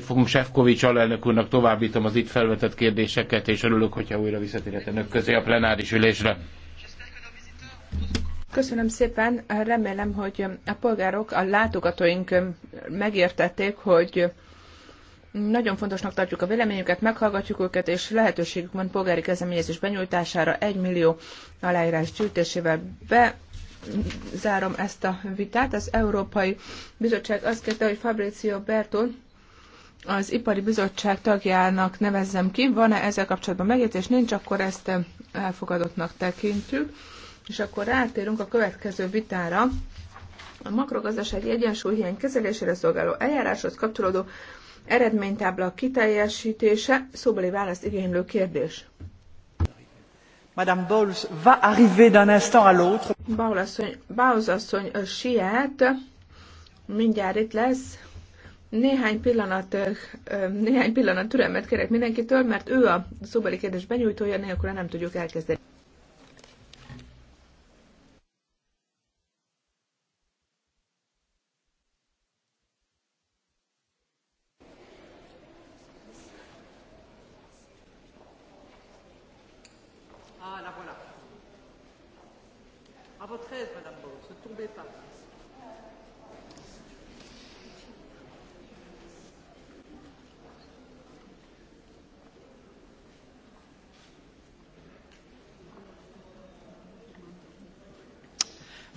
fogunk Sefkovics alelnök úrnak, továbbítom az itt felvetett kérdéseket, és örülök, hogyha újra visszatérhet önök közé a plenáris ülésre. Köszönöm szépen, remélem, hogy a polgárok, a látogatóink megértették, hogy nagyon fontosnak tartjuk a véleményüket, meghallgatjuk őket, és lehetőségük van polgári kezdeményezés benyújtására egy millió aláírás gyűjtésével be zárom ezt a vitát. Az Európai Bizottság azt kérte, hogy Fabrizio Berton az Ipari Bizottság tagjának nevezzem ki. Van-e ezzel kapcsolatban megjegyzés? Nincs, akkor ezt eh, elfogadottnak tekintjük. És akkor rátérünk a következő vitára. A makrogazdasági egyensúlyhiány kezelésére szolgáló eljáráshoz kapcsolódó eredménytábla kiteljesítése szóbeli választ igénylő kérdés. Madame Bowles va arriver d'un instant à l'autre. Bowles asszony, Bowles asszony eh, siet, mindjárt itt lesz. Néhány pillanat, néhány pillanat türelmet kérek mindenkitől, mert ő a szóbeli kérdés benyújtója, nélkül nem tudjuk elkezdeni. Ah, la voilà. À votre aise, Madame Bose, ne tombez pas.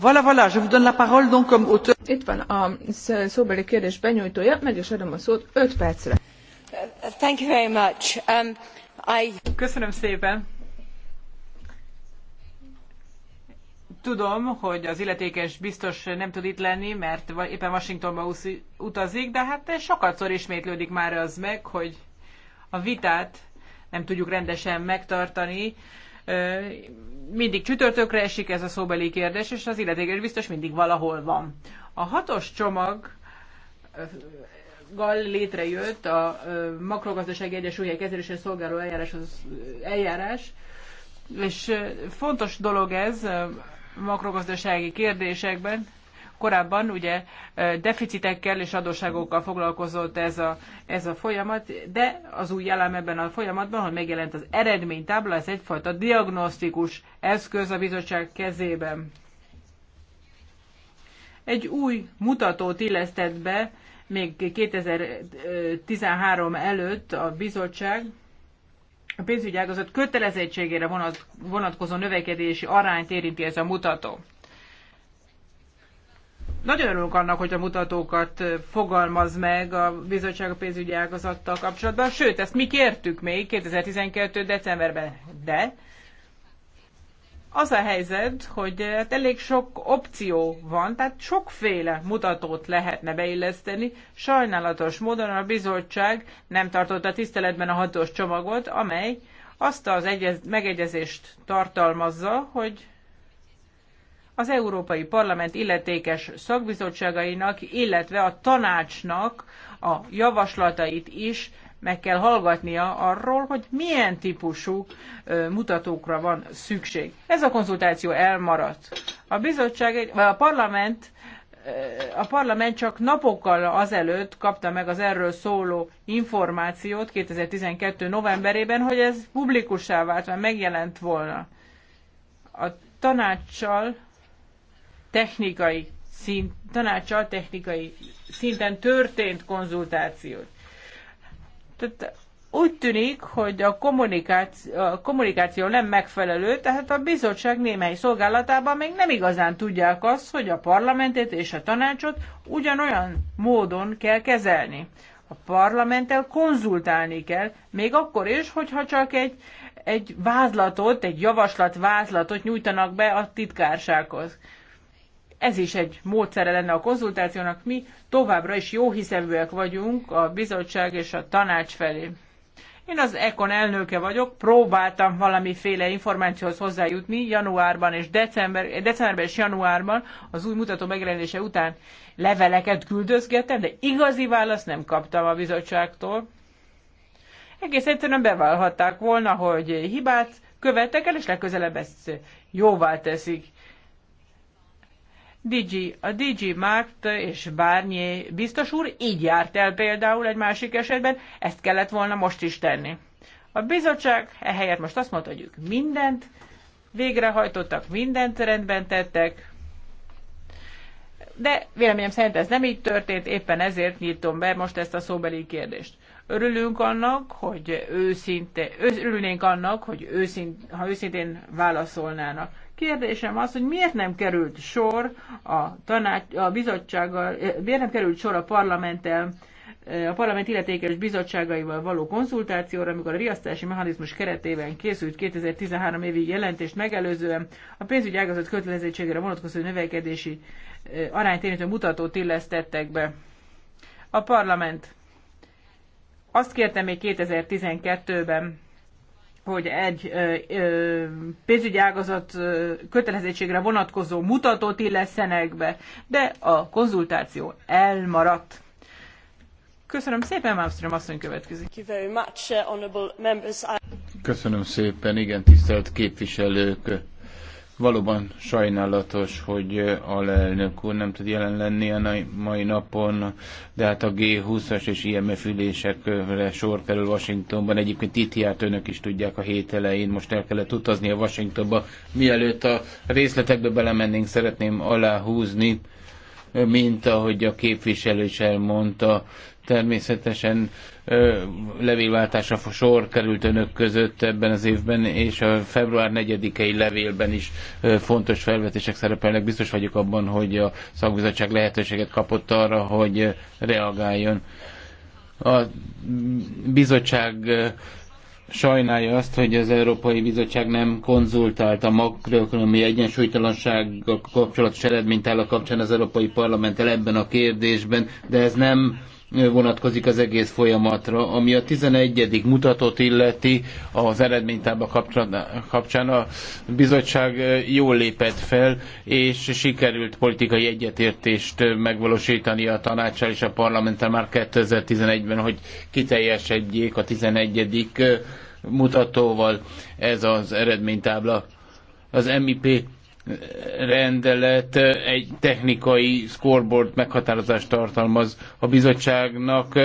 Voilà, Itt van a szóbeli kérdés benyújtója, meg is adom a szót 5 percre. Um, Köszönöm szépen. Tudom, hogy az illetékes biztos nem tud itt lenni, mert éppen Washingtonba utazik, de hát sokatszor ismétlődik már az meg, hogy a vitát nem tudjuk rendesen megtartani mindig csütörtökre esik ez a szóbeli kérdés, és az illetékes biztos mindig valahol van. A hatos csomag gal létrejött a makrogazdasági egyesülhely kezelésre szolgáló eljárás, az eljárás, és fontos dolog ez makrogazdasági kérdésekben, Korábban ugye deficitekkel és adósságokkal foglalkozott ez a, ez a folyamat, de az új elem ebben a folyamatban, hogy megjelent az eredménytábla, ez egyfajta diagnosztikus eszköz a bizottság kezében. Egy új mutatót illesztett be még 2013 előtt a bizottság, a pénzügyi ágazat kötelezettségére vonatkozó növekedési arányt érinti ez a mutató. Nagyon örülünk annak, hogy a mutatókat fogalmaz meg a bizottság a pénzügyi ágazattal kapcsolatban, sőt, ezt mi kértük még 2012. decemberben, de az a helyzet, hogy hát elég sok opció van, tehát sokféle mutatót lehetne beilleszteni. Sajnálatos módon a bizottság nem tartotta tiszteletben a hatós csomagot, amely azt az egyez, megegyezést tartalmazza, hogy az Európai Parlament illetékes szakbizottságainak, illetve a tanácsnak a javaslatait is meg kell hallgatnia arról, hogy milyen típusú mutatókra van szükség. Ez a konzultáció elmaradt. A bizottság, vagy a parlament a parlament csak napokkal azelőtt kapta meg az erről szóló információt 2012. novemberében, hogy ez publikussá vált, mert megjelent volna. A tanácssal technikai szint, tanácsal technikai szinten történt konzultációt. Tehát úgy tűnik, hogy a kommunikáció, a kommunikáció nem megfelelő, tehát a bizottság némely szolgálatában még nem igazán tudják azt, hogy a parlamentet és a tanácsot ugyanolyan módon kell kezelni. A parlamenttel konzultálni kell, még akkor is, hogyha csak egy, egy vázlatot, egy javaslat vázlatot nyújtanak be a titkársághoz ez is egy módszere lenne a konzultációnak. Mi továbbra is jó hiszeműek vagyunk a bizottság és a tanács felé. Én az Econ elnöke vagyok, próbáltam valamiféle információhoz hozzájutni januárban és december, decemberben és januárban az új mutató megjelenése után leveleket küldözgettem, de igazi választ nem kaptam a bizottságtól. Egész egyszerűen bevallhatták volna, hogy hibát követtek el, és legközelebb ezt jóvá teszik. Digi a Digi Mart és Bárnyé biztos úr így járt el például egy másik esetben, ezt kellett volna most is tenni. A bizottság ehelyett most azt mondta, hogy ők mindent végrehajtottak, mindent rendben tettek, de véleményem szerint ez nem így történt, éppen ezért nyitom be most ezt a szóbeli kérdést. Örülünk annak, hogy őszinte, örülnénk annak, hogy őszint, ha őszintén válaszolnának. Kérdésem az, hogy miért nem került sor a, tanács, a bizottsággal, eh, miért nem került sor a parlamenttel, eh, a parlament illetékes bizottságaival való konzultációra, amikor a riasztási mechanizmus keretében készült 2013 évi jelentést megelőzően a pénzügyi ágazat kötelezettségére vonatkozó növekedési eh, érintő mutatót illesztettek be. A parlament azt kérte még 2012-ben, hogy egy pénzügyi ágazat kötelezettségre vonatkozó mutatót illeszenek be, de a konzultáció elmaradt. Köszönöm szépen, Malmström asszony következik. Uh, Köszönöm szépen, igen, tisztelt képviselők. Valóban sajnálatos, hogy alelnök úr nem tud jelen lenni a mai napon, de hát a G20-as és IMF ülésekre sor kerül Washingtonban. Egyébként itt járt önök is tudják a hét elején, most el kellett utazni a Washingtonba. Mielőtt a részletekbe belemennénk, szeretném aláhúzni, mint ahogy a képviselő is elmondta, természetesen levélváltásra sor került önök között ebben az évben, és a február 4-i levélben is fontos felvetések szerepelnek. Biztos vagyok abban, hogy a szakbizottság lehetőséget kapott arra, hogy reagáljon. A bizottság sajnálja azt, hogy az Európai Bizottság nem konzultált a makroökonomiai egyensúlytalansággal kapcsolatos eredménytála kapcsán az Európai Parlamenttel ebben a kérdésben, de ez nem vonatkozik az egész folyamatra. Ami a 11. mutatót illeti az eredménytábla kapcsán a bizottság jól lépett fel, és sikerült politikai egyetértést megvalósítani a tanácsal és a parlamenttel már 2011-ben, hogy kiteljesedjék a 11. mutatóval ez az eredménytábla. Az MIP rendelet egy technikai scoreboard meghatározást tartalmaz. A bizottságnak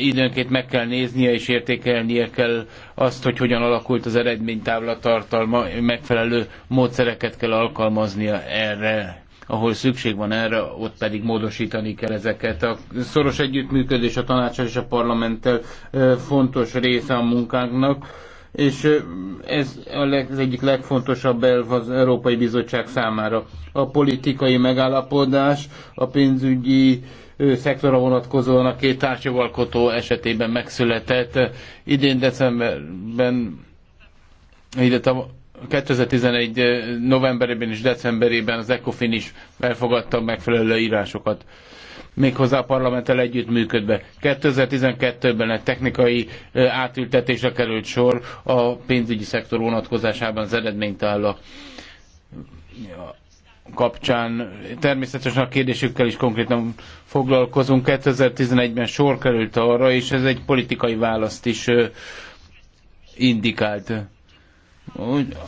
időnként meg kell néznie és értékelnie kell azt, hogy hogyan alakult az eredménytábla tartalma, megfelelő módszereket kell alkalmaznia erre ahol szükség van erre, ott pedig módosítani kell ezeket. A szoros együttműködés a tanácsal és a parlamenttel fontos része a munkánknak és ez a az egyik legfontosabb elv az Európai Bizottság számára. A politikai megállapodás a pénzügyi szektora vonatkozóan a két társjogalkotó esetében megszületett. Idén decemberben, ide 2011. novemberében és decemberében az ECOFIN is elfogadta megfelelő írásokat méghozzá a parlamenttel együttműködve. 2012-ben egy technikai átültetésre került sor a pénzügyi szektor vonatkozásában az a kapcsán. Természetesen a kérdésükkel is konkrétan foglalkozunk. 2011-ben sor került arra, és ez egy politikai választ is indikált.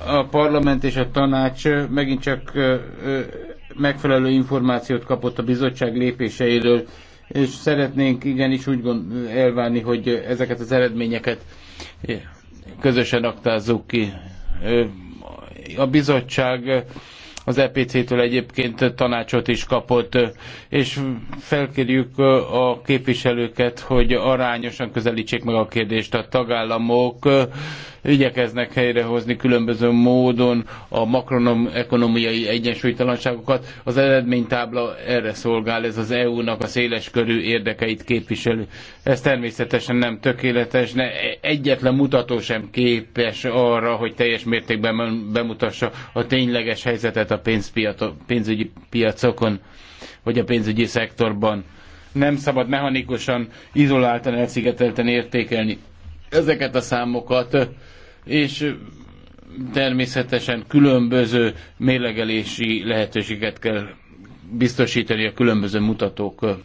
A parlament és a tanács megint csak megfelelő információt kapott a bizottság lépéseiről, és szeretnénk igenis úgy gond, elvárni, hogy ezeket az eredményeket közösen aktázzuk ki. A bizottság az EPC-től egyébként tanácsot is kapott, és felkérjük a képviselőket, hogy arányosan közelítsék meg a kérdést. A tagállamok igyekeznek helyrehozni különböző módon a makroekonomiai egyensúlytalanságokat. Az eredménytábla erre szolgál, ez az EU-nak a széles körű érdekeit képviselő. Ez természetesen nem tökéletes, ne egyetlen mutató sem képes arra, hogy teljes mértékben bemutassa a tényleges helyzetet a pénzügyi piacokon, vagy a pénzügyi szektorban nem szabad mechanikusan, izoláltan, elszigetelten értékelni ezeket a számokat, és természetesen különböző mérlegelési lehetőséget kell biztosítani a különböző mutatók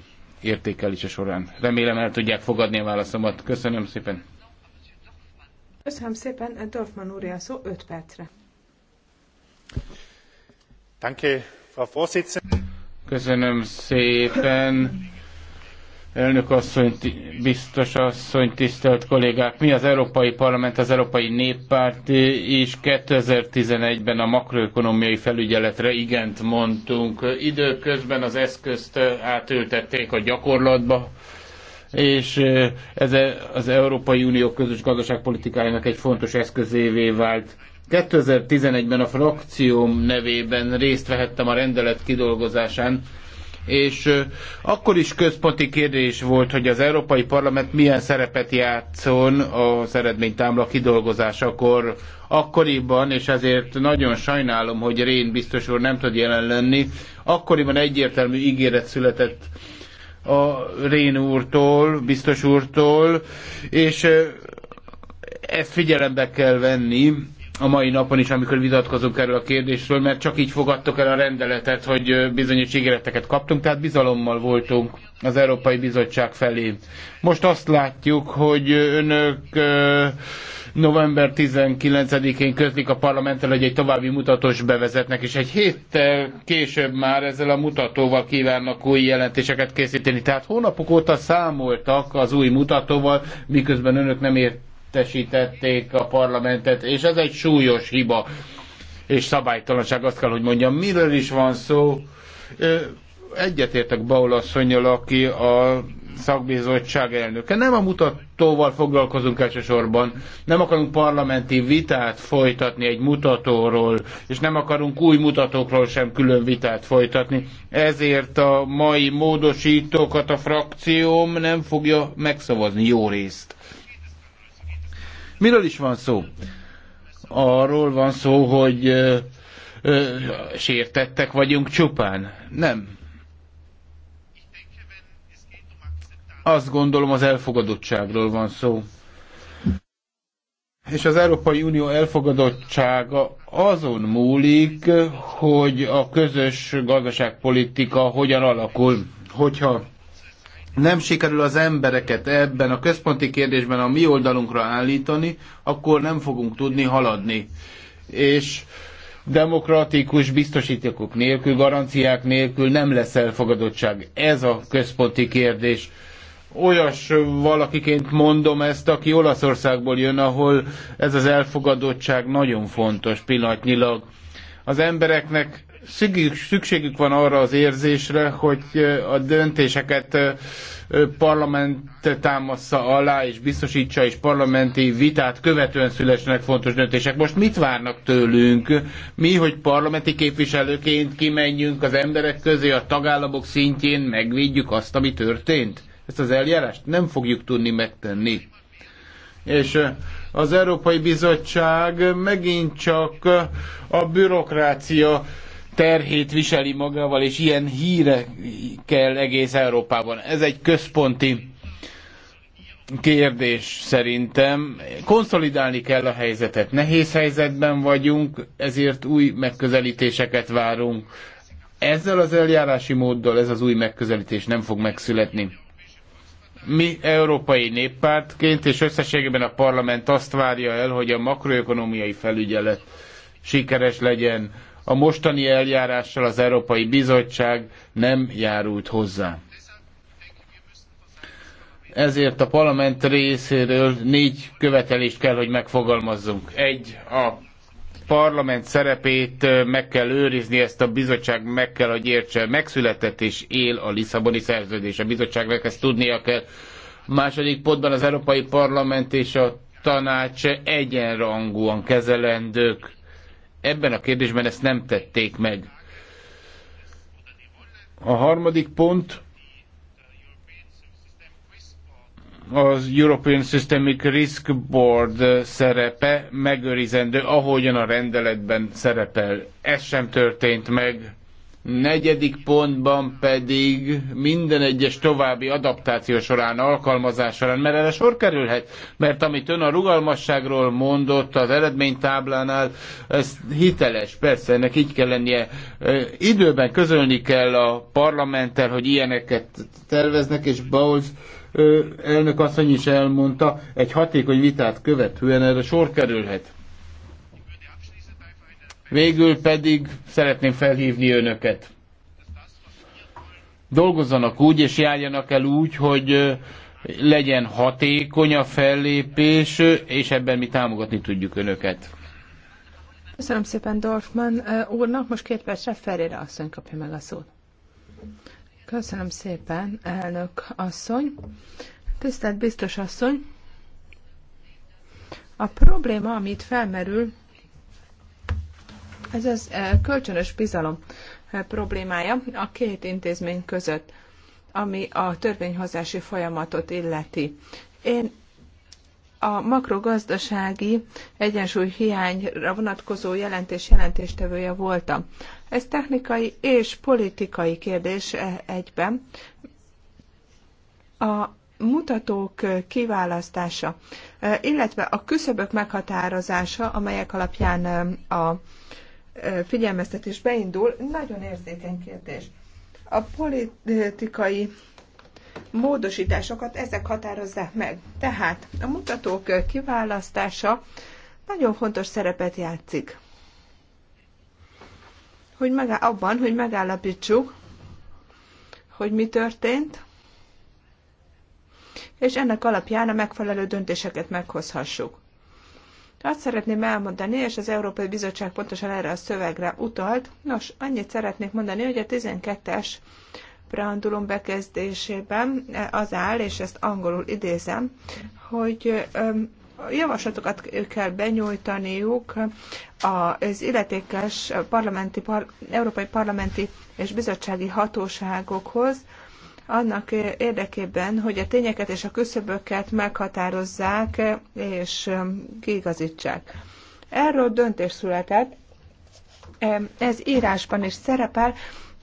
értékelése során. Remélem el tudják fogadni a válaszomat. Köszönöm szépen. Köszönöm szépen. Dorfman úr, a szó 5 percre. Danke, Frau Köszönöm szépen. Elnök asszony, biztos asszony, tisztelt kollégák, mi az Európai Parlament, az Európai Néppárt is eh, 2011-ben a makroökonomiai felügyeletre igent mondtunk. Időközben az eszközt eh, átültették a gyakorlatba, és eh, ez az Európai Unió közös gazdaságpolitikájának egy fontos eszközévé vált. 2011-ben a frakcióm nevében részt vehettem a rendelet kidolgozásán, és akkor is központi kérdés volt, hogy az Európai Parlament milyen szerepet játszon az eredménytámla kidolgozásakor akkoriban, és ezért nagyon sajnálom, hogy Rén biztos úr nem tud jelen lenni, akkoriban egyértelmű ígéret született a Rén úrtól, biztos úrtól, és ezt figyelembe kell venni, a mai napon is, amikor vitatkozunk erről a kérdésről, mert csak így fogadtok el a rendeletet, hogy bizonyos ígéreteket kaptunk, tehát bizalommal voltunk az Európai Bizottság felé. Most azt látjuk, hogy önök november 19-én közlik a parlamenttel, hogy egy további mutatós bevezetnek, és egy héttel később már ezzel a mutatóval kívánnak új jelentéseket készíteni. Tehát hónapok óta számoltak az új mutatóval, miközben önök nem ért helyettesítették a parlamentet, és ez egy súlyos hiba és szabálytalanság, azt kell, hogy mondjam. Miről is van szó? Egyetértek Baul asszonyjal, aki a szakbizottság elnöke. Nem a mutatóval foglalkozunk elsősorban, nem akarunk parlamenti vitát folytatni egy mutatóról, és nem akarunk új mutatókról sem külön vitát folytatni. Ezért a mai módosítókat a frakcióm nem fogja megszavazni jó részt. Miről is van szó? Arról van szó, hogy ö, ö, sértettek vagyunk csupán. Nem. Azt gondolom az elfogadottságról van szó. És az Európai Unió elfogadottsága azon múlik, hogy a közös gazdaságpolitika hogyan alakul. Hogyha nem sikerül az embereket ebben a központi kérdésben a mi oldalunkra állítani, akkor nem fogunk tudni haladni. És demokratikus biztosítékok nélkül, garanciák nélkül nem lesz elfogadottság. Ez a központi kérdés. Olyas valakiként mondom ezt, aki Olaszországból jön, ahol ez az elfogadottság nagyon fontos pillanatnyilag. Az embereknek szükségük van arra az érzésre, hogy a döntéseket parlament támaszza alá, és biztosítsa, és parlamenti vitát követően szülesenek fontos döntések. Most mit várnak tőlünk? Mi, hogy parlamenti képviselőként kimenjünk az emberek közé, a tagállamok szintjén, megvédjük azt, ami történt? Ezt az eljárást nem fogjuk tudni megtenni. És az Európai Bizottság megint csak a bürokrácia terhét viseli magával, és ilyen híre kell egész Európában. Ez egy központi kérdés szerintem. Konszolidálni kell a helyzetet. Nehéz helyzetben vagyunk, ezért új megközelítéseket várunk. Ezzel az eljárási móddal ez az új megközelítés nem fog megszületni. Mi európai néppártként és összességében a parlament azt várja el, hogy a makroökonomiai felügyelet sikeres legyen. A mostani eljárással az Európai Bizottság nem járult hozzá. Ezért a parlament részéről négy követelést kell, hogy megfogalmazzunk. Egy, a parlament szerepét meg kell őrizni, ezt a bizottság meg kell, hogy értse, megszületett és él a Lisszaboni szerződés. A bizottságnak ezt tudnia kell. A második pontban az Európai Parlament és a tanács egyenrangúan kezelendők. Ebben a kérdésben ezt nem tették meg. A harmadik pont az European Systemic Risk Board szerepe megőrizendő, ahogyan a rendeletben szerepel. Ez sem történt meg. Negyedik pontban pedig minden egyes további adaptáció során, alkalmazás során, mert erre sor kerülhet, mert amit ön a rugalmasságról mondott az eredménytáblánál, ez hiteles, persze, ennek így kell lennie. Időben közölni kell a parlamenttel, hogy ilyeneket terveznek, és Bowles elnök asszony is elmondta, egy hatékony vitát követően erre sor kerülhet. Végül pedig szeretném felhívni önöket. Dolgozzanak úgy, és járjanak el úgy, hogy legyen hatékony a fellépés, és ebben mi támogatni tudjuk önöket. Köszönöm szépen Dorfman úrnak, most két percre Ferére asszony kapja meg a szót. Köszönöm szépen, elnök asszony. Tisztelt biztos asszony, a probléma, amit felmerül, ez az eh, kölcsönös bizalom eh, problémája a két intézmény között, ami a törvényhozási folyamatot illeti. Én a makrogazdasági egyensúly hiányra vonatkozó jelentés jelentéstevője voltam. Ez technikai és politikai kérdés e- egyben. A mutatók kiválasztása, e, illetve a küszöbök meghatározása, amelyek alapján e, a figyelmeztetés beindul, nagyon érzékeny kérdés. A politikai módosításokat ezek határozzák meg. Tehát a mutatók kiválasztása nagyon fontos szerepet játszik. Hogy megá- abban, hogy megállapítsuk, hogy mi történt, és ennek alapján a megfelelő döntéseket meghozhassuk. Azt szeretném elmondani, és az Európai Bizottság pontosan erre a szövegre utalt, nos, annyit szeretnék mondani, hogy a 12-es preambulum bekezdésében e, az áll, és ezt angolul idézem, hogy javaslatokat kell benyújtaniuk az illetékes parlamenti, par, európai parlamenti és bizottsági hatóságokhoz, annak érdekében, hogy a tényeket és a küszöböket meghatározzák és kiigazítsák. Erről döntés született, ez írásban is szerepel,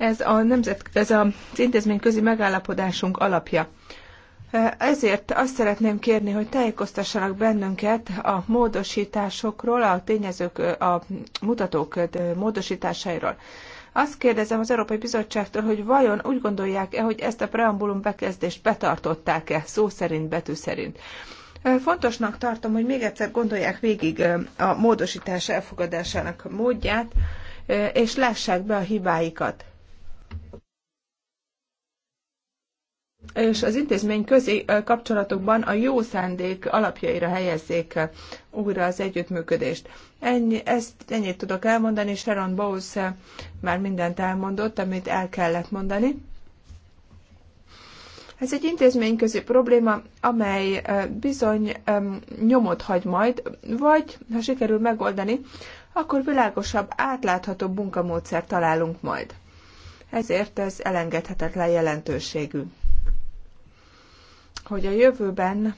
ez, a nemzet, ez az intézményközi megállapodásunk alapja. Ezért azt szeretném kérni, hogy tájékoztassanak bennünket a módosításokról, a tényezők, a mutatók módosításairól. Azt kérdezem az Európai Bizottságtól, hogy vajon úgy gondolják-e, hogy ezt a preambulum bekezdést betartották-e szó szerint, betű szerint. Fontosnak tartom, hogy még egyszer gondolják végig a módosítás elfogadásának módját, és lássák be a hibáikat. és az intézmény közi kapcsolatokban a jó szándék alapjaira helyezzék újra az együttműködést. Ennyi, ezt, ennyit tudok elmondani, Sharon Bowes már mindent elmondott, amit el kellett mondani. Ez egy intézményközi probléma, amely bizony nyomot hagy majd, vagy ha sikerül megoldani, akkor világosabb, átláthatóbb munkamódszer találunk majd. Ezért ez elengedhetetlen jelentőségű hogy a jövőben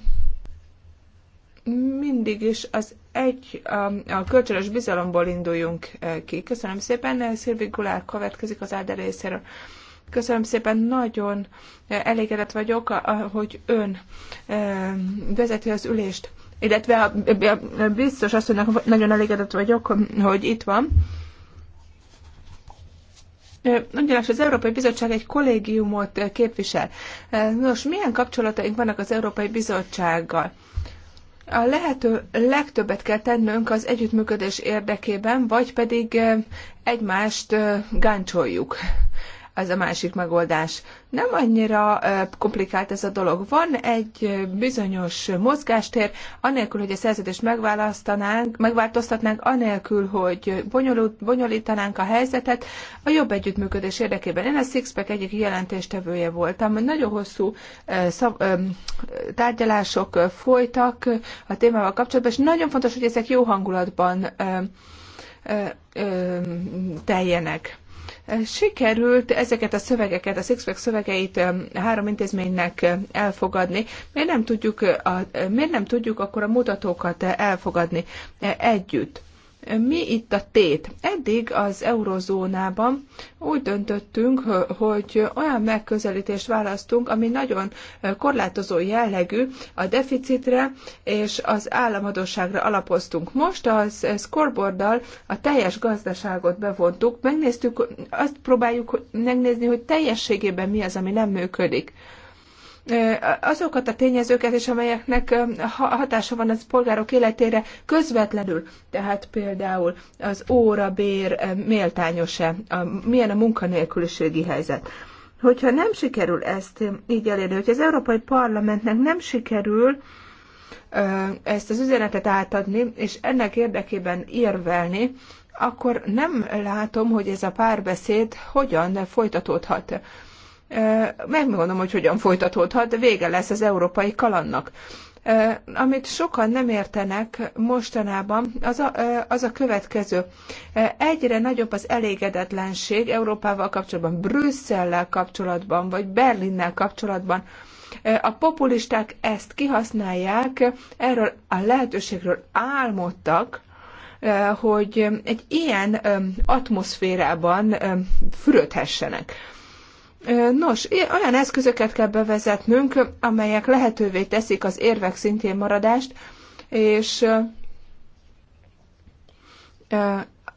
mindig is az egy, a, a kölcsönös bizalomból induljunk eh, ki. Köszönöm szépen, eh, Szilvi Gulár következik az Áder részéről. Köszönöm szépen, nagyon eh, elégedett vagyok, hogy ön vezeti az ülést, illetve biztos azt, hogy nagyon elégedett vagyok, hogy itt van. Ugyanis az Európai Bizottság egy kollégiumot képvisel. Nos, milyen kapcsolataink vannak az Európai Bizottsággal? A lehető legtöbbet kell tennünk az együttműködés érdekében, vagy pedig egymást gáncsoljuk ez a másik megoldás. Nem annyira komplikált ez a dolog. Van egy bizonyos mozgástér, anélkül, hogy a szerződést megválasztanánk, megváltoztatnánk, anélkül, hogy bonyolult, bonyolítanánk a helyzetet, a jobb együttműködés érdekében. Én a Sixpack egyik jelentéstevője voltam. Nagyon hosszú szav, tárgyalások folytak a témával kapcsolatban, és nagyon fontos, hogy ezek jó hangulatban teljenek sikerült ezeket a szövegeket, a Sixpack szövegeit három intézménynek elfogadni. Miért nem tudjuk, a, miért nem tudjuk akkor a mutatókat elfogadni együtt? Mi itt a tét? Eddig az eurozónában úgy döntöttünk, hogy olyan megközelítést választunk, ami nagyon korlátozó jellegű, a deficitre és az államadóságra alapoztunk. Most az scoreboarddal a teljes gazdaságot bevontuk, megnéztük, azt próbáljuk megnézni, hogy teljességében mi az, ami nem működik azokat a tényezőket is, amelyeknek hatása van az polgárok életére közvetlenül. Tehát például az órabér méltányos-e, milyen a munkanélküliségi helyzet. Hogyha nem sikerül ezt így elérni, hogy az Európai Parlamentnek nem sikerül ezt az üzenetet átadni, és ennek érdekében érvelni, akkor nem látom, hogy ez a párbeszéd hogyan folytatódhat megmondom, hogy hogyan folytatódhat, de vége lesz az európai kalannak. Amit sokan nem értenek mostanában, az a, az a következő. Egyre nagyobb az elégedetlenség Európával kapcsolatban, Brüsszellel kapcsolatban, vagy Berlinnel kapcsolatban. A populisták ezt kihasználják, erről a lehetőségről álmodtak, hogy egy ilyen atmoszférában fürödhessenek. Nos, olyan eszközöket kell bevezetnünk, amelyek lehetővé teszik az érvek szintén maradást, és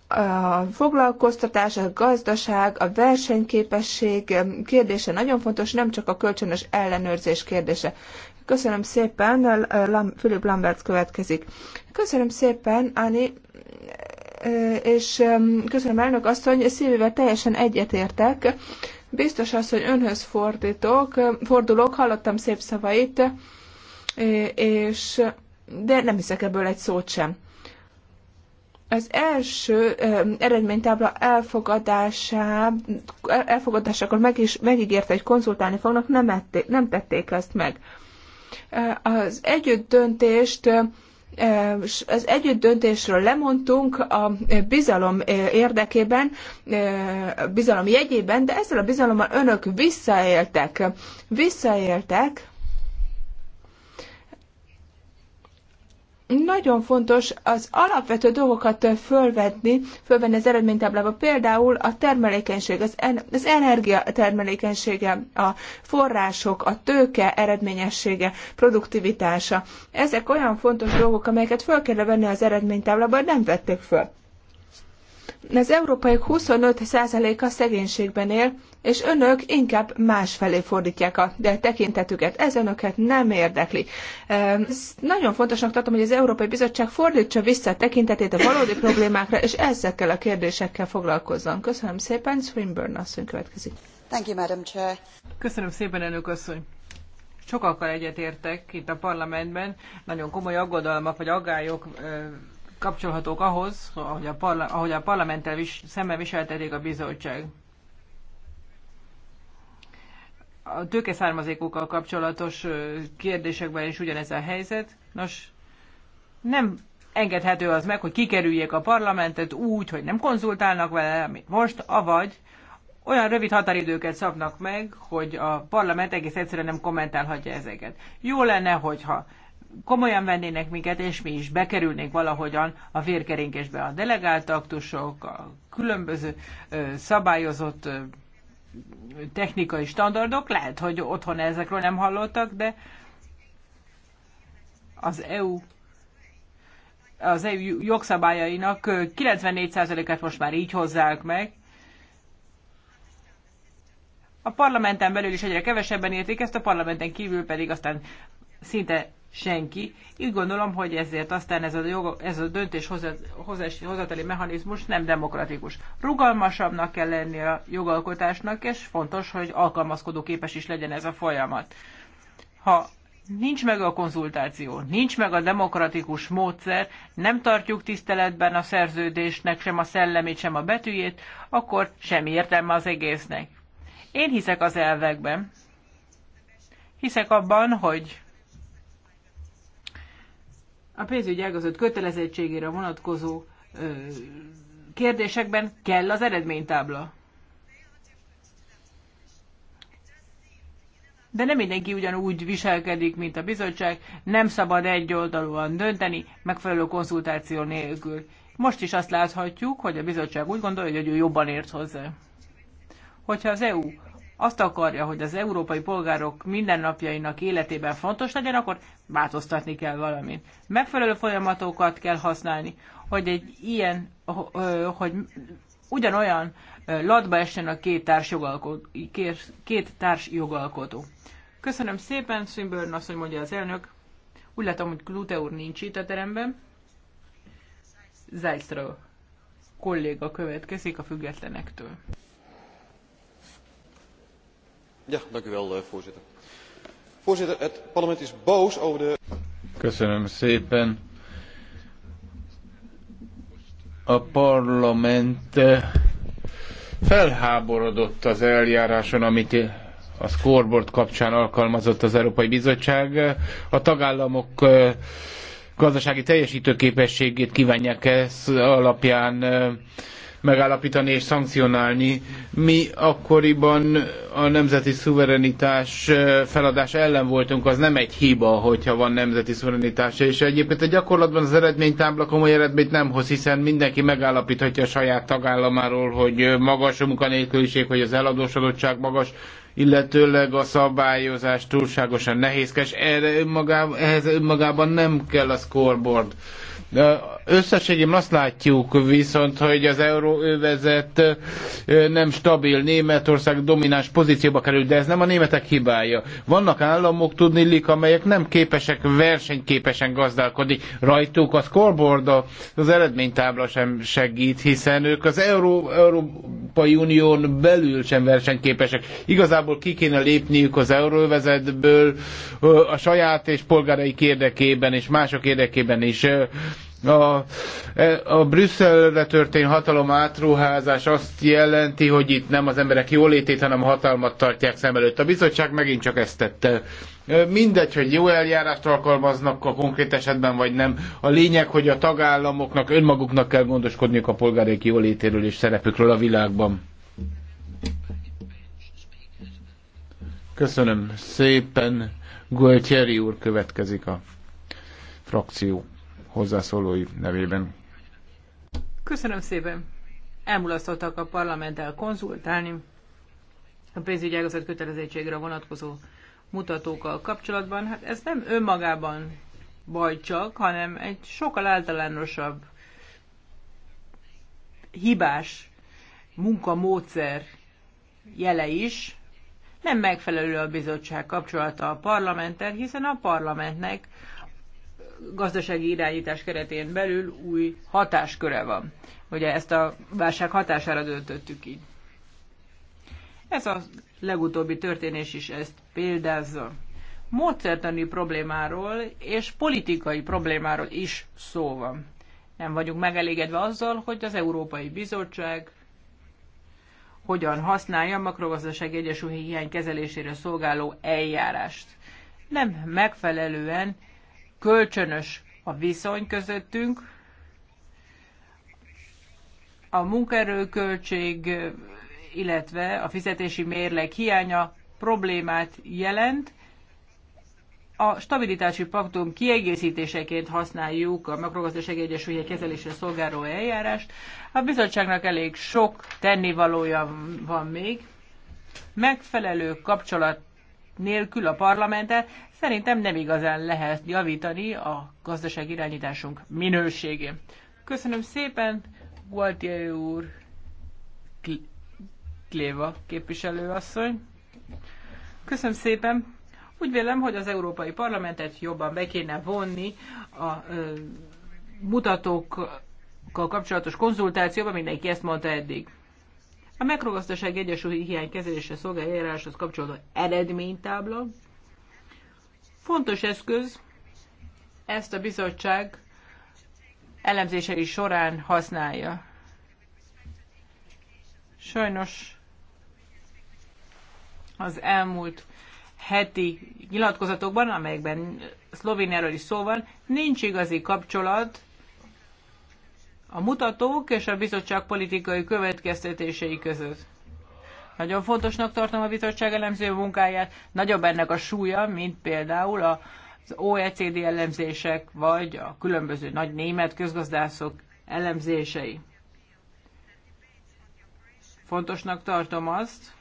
a foglalkoztatás, a gazdaság, a versenyképesség kérdése nagyon fontos, nem csak a kölcsönös ellenőrzés kérdése. Köszönöm szépen, Fülöp Lambert következik. Köszönöm szépen, Ani, és köszönöm elnök asszony, szívével teljesen egyetértek Biztos az, hogy önhöz fordítok, fordulok, hallottam szép szavait, és, de nem hiszek ebből egy szót sem. Az első eredménytábla elfogadásá, elfogadásakor meg is megígérte, hogy konzultálni fognak, nem, ették, nem tették ezt meg. Az együtt döntést az együtt döntésről lemondtunk a bizalom érdekében, bizalom jegyében, de ezzel a bizalommal önök visszaéltek. Visszaéltek nagyon fontos az alapvető dolgokat fölvetni, fölvenni az eredménytáblába, például a termelékenység, az, en, az energia termelékenysége, a források, a tőke eredményessége, produktivitása. Ezek olyan fontos dolgok, amelyeket föl kell venni az eredménytáblába, nem vették föl az európaiak 25%-a szegénységben él, és önök inkább másfelé fordítják a tekintetüket. Ez önöket nem érdekli. Ezt nagyon fontosnak tartom, hogy az Európai Bizottság fordítsa vissza a tekintetét a valódi problémákra, és ezekkel a kérdésekkel foglalkozzon. Köszönöm szépen, Swinburne asszony következik. Thank you, Madam Chair. Köszönöm szépen, elnök asszony. Sokakkal egyetértek itt a parlamentben, nagyon komoly aggodalmak vagy aggályok kapcsolhatók ahhoz, ahogy a, parla- ahogy a parlamenttel vis- szemben viseltetik a bizottság. A tőkeszármazékokkal kapcsolatos kérdésekben is ugyanez a helyzet. Nos, nem engedhető az meg, hogy kikerüljék a parlamentet úgy, hogy nem konzultálnak vele, mint most, avagy olyan rövid határidőket szabnak meg, hogy a parlament egész egyszerűen nem kommentálhatja ezeket. Jó lenne, hogyha komolyan vennének minket, és mi is bekerülnénk valahogyan a vérkeringésbe a delegált aktusok, a különböző ö, szabályozott ö, technikai standardok. Lehet, hogy otthon ezekről nem hallottak, de az EU az EU jogszabályainak 94%-át most már így hozzák meg. A parlamenten belül is egyre kevesebben értik ezt, a parlamenten kívül pedig aztán szinte senki. Így gondolom, hogy ezért aztán ez a, jog, ez a döntés hozatali mechanizmus nem demokratikus. Rugalmasabbnak kell lenni a jogalkotásnak, és fontos, hogy alkalmazkodó képes is legyen ez a folyamat. Ha nincs meg a konzultáció, nincs meg a demokratikus módszer, nem tartjuk tiszteletben a szerződésnek sem a szellemét, sem a betűjét, akkor semmi értelme az egésznek. Én hiszek az elvekben. Hiszek abban, hogy a pénzügyi ágazat kötelezettségére vonatkozó ö, kérdésekben kell az eredménytábla. De nem mindenki ugyanúgy viselkedik, mint a bizottság, nem szabad egyoldalúan dönteni, megfelelő konzultáció nélkül. Most is azt láthatjuk, hogy a bizottság úgy gondolja, hogy ő jobban ért hozzá. Hogyha az EU azt akarja, hogy az európai polgárok mindennapjainak életében fontos legyen, akkor változtatni kell valamit. Megfelelő folyamatokat kell használni, hogy egy ilyen, hogy ugyanolyan latba essen a két társ, két társ jogalkotó. Köszönöm szépen, Swinburne azt, hogy mondja az elnök. Úgy látom, hogy Klute úr nincs itt a teremben. Zajstra kolléga következik a függetlenektől. Eh, voorzitter het parlement is boos over de. köszönöm szépen. a parlament eh, felháborodott az eljáráson amit eh, a scoreboard kapcsán alkalmazott az európai bizottság. a tagállamok gazdasági teljestőképességét kívánják ez alapján megállapítani és szankcionálni. Mi akkoriban a nemzeti szuverenitás feladás ellen voltunk, az nem egy hiba, hogyha van nemzeti szuverenitás, és egyébként a gyakorlatban az eredménytábla komoly eredményt nem hoz, hiszen mindenki megállapíthatja a saját tagállamáról, hogy magas a munkanélküliség, hogy az eladósodottság magas, illetőleg a szabályozás túlságosan nehézkes. Erre önmagában, ehhez önmagában nem kell a scoreboard de összességében azt látjuk viszont, hogy az euróövezet nem stabil, Németország domináns pozícióba került, de ez nem a németek hibája. Vannak államok, tudnillik, amelyek nem képesek versenyképesen gazdálkodni. Rajtuk a scoreboard, az eredménytábla sem segít, hiszen ők az Euró, Európai Unión belül sem versenyképesek. Igazából ki kéne lépniük az euróövezetből a saját és polgáraik érdekében és mások érdekében is a, e, a Brüsszelre történt hatalom átruházás azt jelenti, hogy itt nem az emberek jólétét, hanem a hatalmat tartják szem előtt. A bizottság megint csak ezt tette. E, mindegy, hogy jó eljárást alkalmaznak a konkrét esetben, vagy nem. A lényeg, hogy a tagállamoknak önmaguknak kell gondoskodniuk a polgárék jólétéről és szerepükről a világban. Köszönöm szépen. Gualtieri úr következik a frakció hozzászólói nevében. Köszönöm szépen. Elmulasztottak a parlamenttel konzultálni a pénzügyi ágazat kötelezettségre vonatkozó mutatókkal kapcsolatban. Hát ez nem önmagában baj csak, hanem egy sokkal általánosabb hibás munkamódszer jele is. Nem megfelelő a bizottság kapcsolata a parlamenttel, hiszen a parlamentnek gazdasági irányítás keretén belül új hatásköre van. Ugye ezt a válság hatására döntöttük így. Ez a legutóbbi történés is ezt példázza. Módszertani problémáról és politikai problémáról is szó van. Nem vagyunk megelégedve azzal, hogy az Európai Bizottság hogyan használja a makrogazdasági egyensúly hiány kezelésére szolgáló eljárást. Nem megfelelően kölcsönös a viszony közöttünk. A munkaerőköltség, illetve a fizetési mérleg hiánya problémát jelent. A stabilitási paktum kiegészítéseként használjuk a makrogazdasági egyesülye kezelésre szolgáló eljárást. A bizottságnak elég sok tennivalója van még. Megfelelő kapcsolat nélkül a parlamenttel Szerintem nem igazán lehet javítani a gazdaság irányításunk minőségén. Köszönöm szépen, Gualtieri úr, Kléva képviselőasszony. Köszönöm szépen. Úgy vélem, hogy az Európai Parlamentet jobban be kéne vonni a ö, mutatókkal kapcsolatos konzultációba, mindenki ezt mondta eddig. A Mekrogazdaság egyensúlyi hiány kezelése szolgálja eljáráshoz kapcsolódó eredménytábla, Fontos eszköz, ezt a bizottság elemzései során használja. Sajnos az elmúlt heti nyilatkozatokban, amelyekben Szlovéniáról is szó van, nincs igazi kapcsolat a mutatók és a bizottság politikai következtetései között. Nagyon fontosnak tartom a bizottság elemző munkáját, nagyobb ennek a súlya, mint például az OECD elemzések, vagy a különböző nagy német közgazdászok elemzései. Fontosnak tartom azt,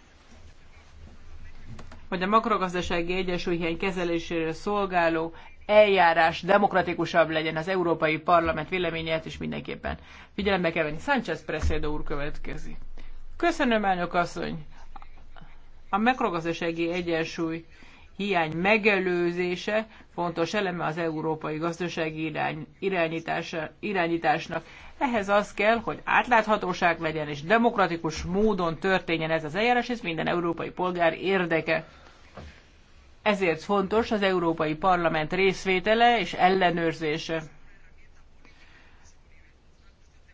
hogy a makrogazdasági egyensúlyhiány kezelésére szolgáló eljárás demokratikusabb legyen az Európai Parlament véleményét hát is mindenképpen. Figyelembe kell venni. Sánchez Presedo úr következik. Köszönöm, elnök asszony! A makrogazdasági egyensúly hiány megelőzése fontos eleme az európai gazdasági irány, irányítása, irányításnak. Ehhez az kell, hogy átláthatóság legyen és demokratikus módon történjen ez az eljárás, ez minden európai polgár érdeke. Ezért fontos az Európai Parlament részvétele és ellenőrzése.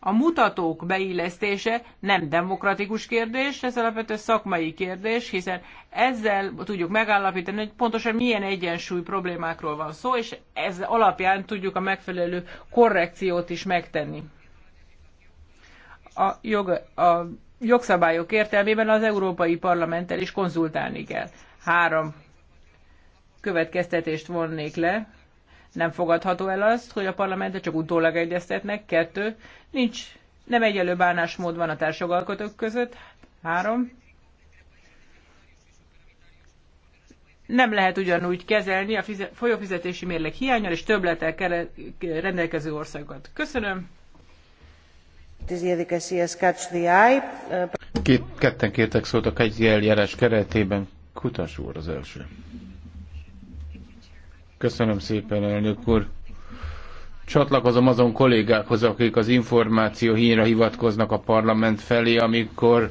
A mutatók beillesztése nem demokratikus kérdés, ez alapvető szakmai kérdés, hiszen ezzel tudjuk megállapítani, hogy pontosan milyen egyensúly problémákról van szó, és ez alapján tudjuk a megfelelő korrekciót is megtenni. A, jog, a jogszabályok értelmében az Európai Parlamenttel is konzultálni kell. Három következtetést vonnék le nem fogadható el azt, hogy a parlamentet csak utólag egyeztetnek. Kettő, nincs, nem egyelő bánásmód van a társjogalkotók között. Három, nem lehet ugyanúgy kezelni a folyófizetési mérleg hiányal és többlettel rendelkező országokat. Köszönöm. ketten kértek szót a kegyi eljárás keretében. Kutas úr az első. Köszönöm szépen, elnök úr. Csatlakozom azon kollégákhoz, akik az információ híjra hivatkoznak a parlament felé, amikor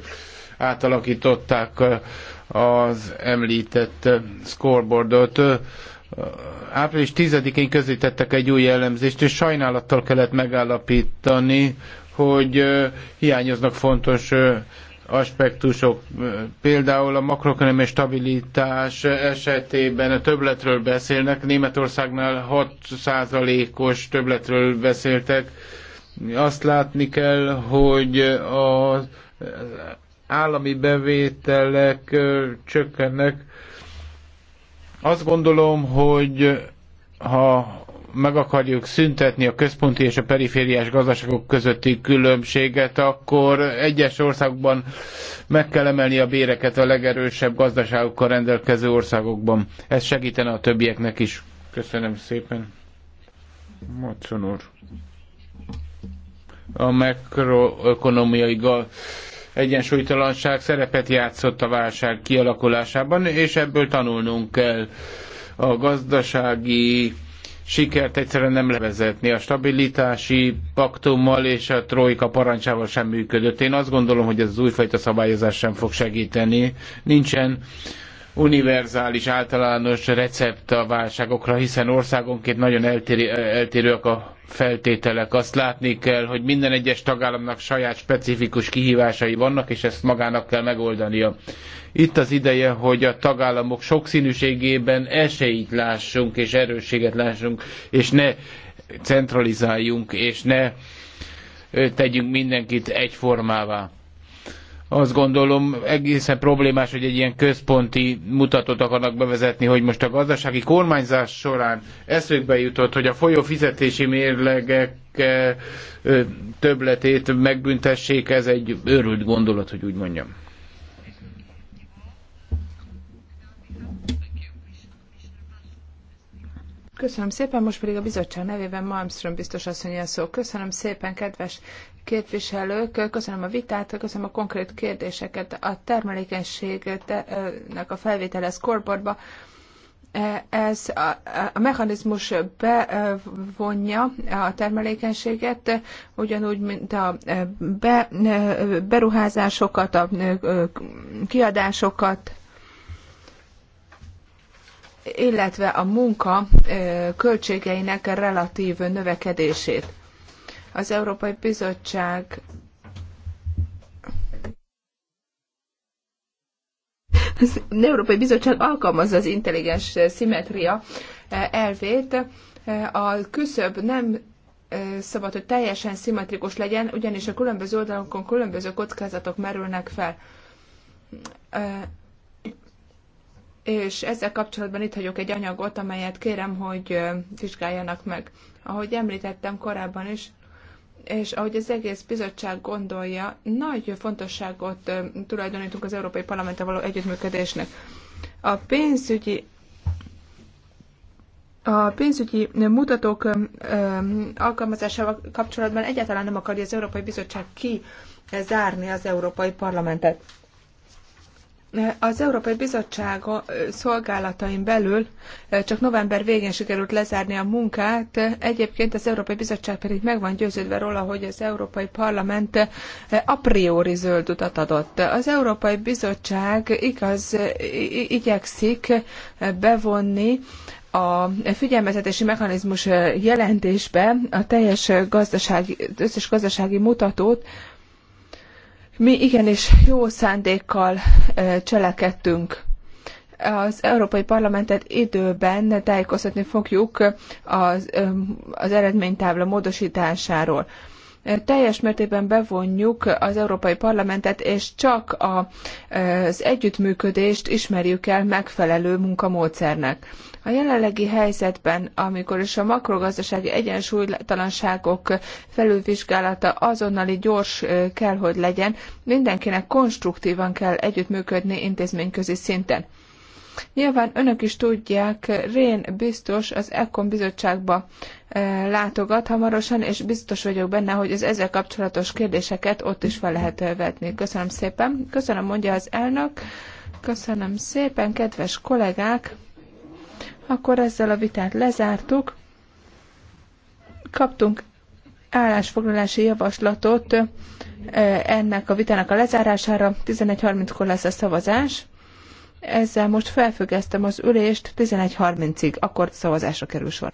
átalakították uh, az említett scoreboardot. Uh, április 10-én közé tettek egy új jellemzést, és sajnálattal kellett megállapítani, hogy uh, hiányoznak fontos aspektusok, például a makroekonomiai stabilitás esetében a többletről beszélnek, Németországnál 6%-os többletről beszéltek. Azt látni kell, hogy az állami bevételek csökkennek. Azt gondolom, hogy ha meg akarjuk szüntetni a központi és a perifériás gazdaságok közötti különbséget, akkor egyes országokban meg kell emelni a béreket a legerősebb gazdaságokkal rendelkező országokban. Ez segítene a többieknek is. Köszönöm szépen. Macson úr. A makroökonomiai egyensúlytalanság szerepet játszott a válság kialakulásában, és ebből tanulnunk kell a gazdasági sikert egyszerűen nem levezetni. A stabilitási paktummal és a trojka parancsával sem működött. Én azt gondolom, hogy ez az újfajta szabályozás sem fog segíteni. Nincsen univerzális, általános recept a válságokra, hiszen országonként nagyon eltér, eltérőek a feltételek. Azt látni kell, hogy minden egyes tagállamnak saját specifikus kihívásai vannak, és ezt magának kell megoldania. Itt az ideje, hogy a tagállamok sokszínűségében esélyt lássunk, és erősséget lássunk, és ne centralizáljunk, és ne tegyünk mindenkit egyformává azt gondolom egészen problémás, hogy egy ilyen központi mutatót akarnak bevezetni, hogy most a gazdasági kormányzás során eszükbe jutott, hogy a folyó fizetési mérlegek eh, többletét megbüntessék, ez egy őrült gondolat, hogy úgy mondjam. Köszönöm szépen, most pedig a bizottság nevében Malmström biztos asszonyja szó. Köszönöm szépen, kedves képviselők, köszönöm a vitát, köszönöm a konkrét kérdéseket. A termelékenységnek a felvétele scoreboardba ez a, a mechanizmus bevonja a termelékenységet, ugyanúgy, mint a be, beruházásokat, a kiadásokat, illetve a munka költségeinek relatív növekedését. Az Európai Bizottság az Európai Bizottság alkalmazza az intelligens szimetria eh, elvét. Eh, a küszöb nem eh, szabad, hogy teljesen szimmetrikus legyen, ugyanis a különböző oldalokon különböző kockázatok merülnek fel. És ezzel kapcsolatban itt hagyok egy anyagot, amelyet kérem, hogy vizsgáljanak meg. Ahogy említettem korábban is, és ahogy az egész bizottság gondolja, nagy fontosságot tulajdonítunk az Európai Parlamenttel való együttműködésnek. A pénzügyi a pénzügyi mutatók alkalmazásával kapcsolatban egyáltalán nem akarja az Európai Bizottság ki zárni az Európai Parlamentet. Az Európai Bizottság szolgálatain belül csak november végén sikerült lezárni a munkát, egyébként az Európai Bizottság pedig meg van győződve róla, hogy az Európai Parlament a priori zöld utat adott. Az Európai Bizottság igaz, igyekszik bevonni a figyelmeztetési mechanizmus jelentésbe a teljes gazdasági, összes gazdasági mutatót, mi igenis jó szándékkal cselekedtünk. Az Európai Parlamentet időben tájékoztatni fogjuk az, az eredménytábla módosításáról teljes mértékben bevonjuk az Európai Parlamentet, és csak az együttműködést ismerjük el megfelelő munkamódszernek. A jelenlegi helyzetben, amikor is a makrogazdasági egyensúlytalanságok felülvizsgálata azonnali gyors kell, hogy legyen, mindenkinek konstruktívan kell együttműködni intézményközi szinten. Nyilván önök is tudják, Rén biztos az Ekon bizottságba eh, látogat hamarosan, és biztos vagyok benne, hogy az ezzel kapcsolatos kérdéseket ott is fel lehet eh, vetni. Köszönöm szépen. Köszönöm, mondja az elnök. Köszönöm szépen, kedves kollégák. Akkor ezzel a vitát lezártuk. Kaptunk állásfoglalási javaslatot eh, ennek a vitának a lezárására. 11.30-kor lesz a szavazás. Ezzel most felfüggesztem az ülést 11.30-ig, akkor szavazásra kerül sor.